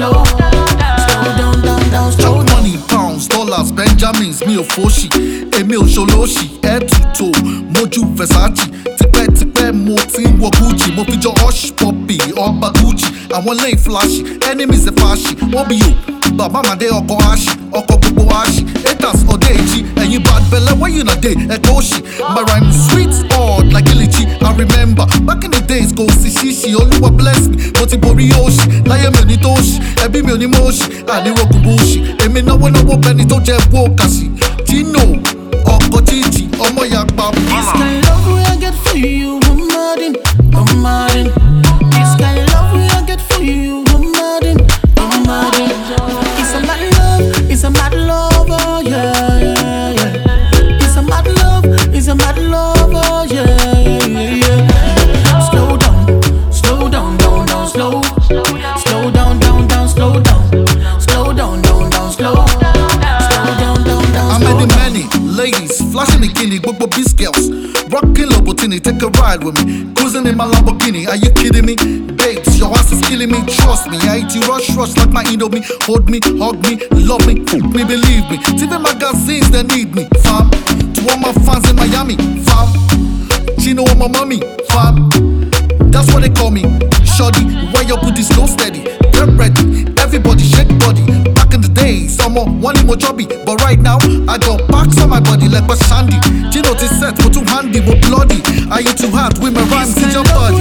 slow. down, down, down, slow down. Money, pounds, dollars, Benjamins, mi ò fòṣì, èmi ò ṣolóṣì, head to toe, mojú Versace. Tipẹ́tipẹ́ mo ti ń wọ Gucci, mo fi jọ Hush Puppy, ọba Gucci. Àwọn lẹ́yìn flashy, enemies ẹ̀ flashy, wọ́n bí yòó. Bàbá màdé ọkọ̀ aṣì, ọkọ̀ gbogbo aṣì, haters ọ̀dẹ́ èjì, ẹ̀yin bad belle when you na dey, ẹ̀kọ́ òṣì. My rhyme sweet odd like Ilichi, kò sí ṣíṣì olúwa bless me mo ti borí òṣì láyé mi ò ní tó ṣì ẹbí mi ò ní mọ̀ òṣì àníwọ̀gùn bó ṣì èmi náwó náwó bẹni tó jẹ bó kàṣì Gino ways, flashing bikini, gbogbo b girls. Rocking Lobotini, take a ride with me. Cruising in my Lamborghini, are you kidding me? Babes, your ass is killing me, trust me. I eat you rush, rush like my Indomie. Hold me, hug me, love me, fool me, believe me. TV magazines, they need me, fam. To all my fans in Miami, fam. Chino on my mommy, fam. That's what they call me, shoddy. Why your booty so steady? Get ready, everybody shake body. Back in the day, someone one more jobby. body, but bloody. Are you too hard with my rhymes in your body?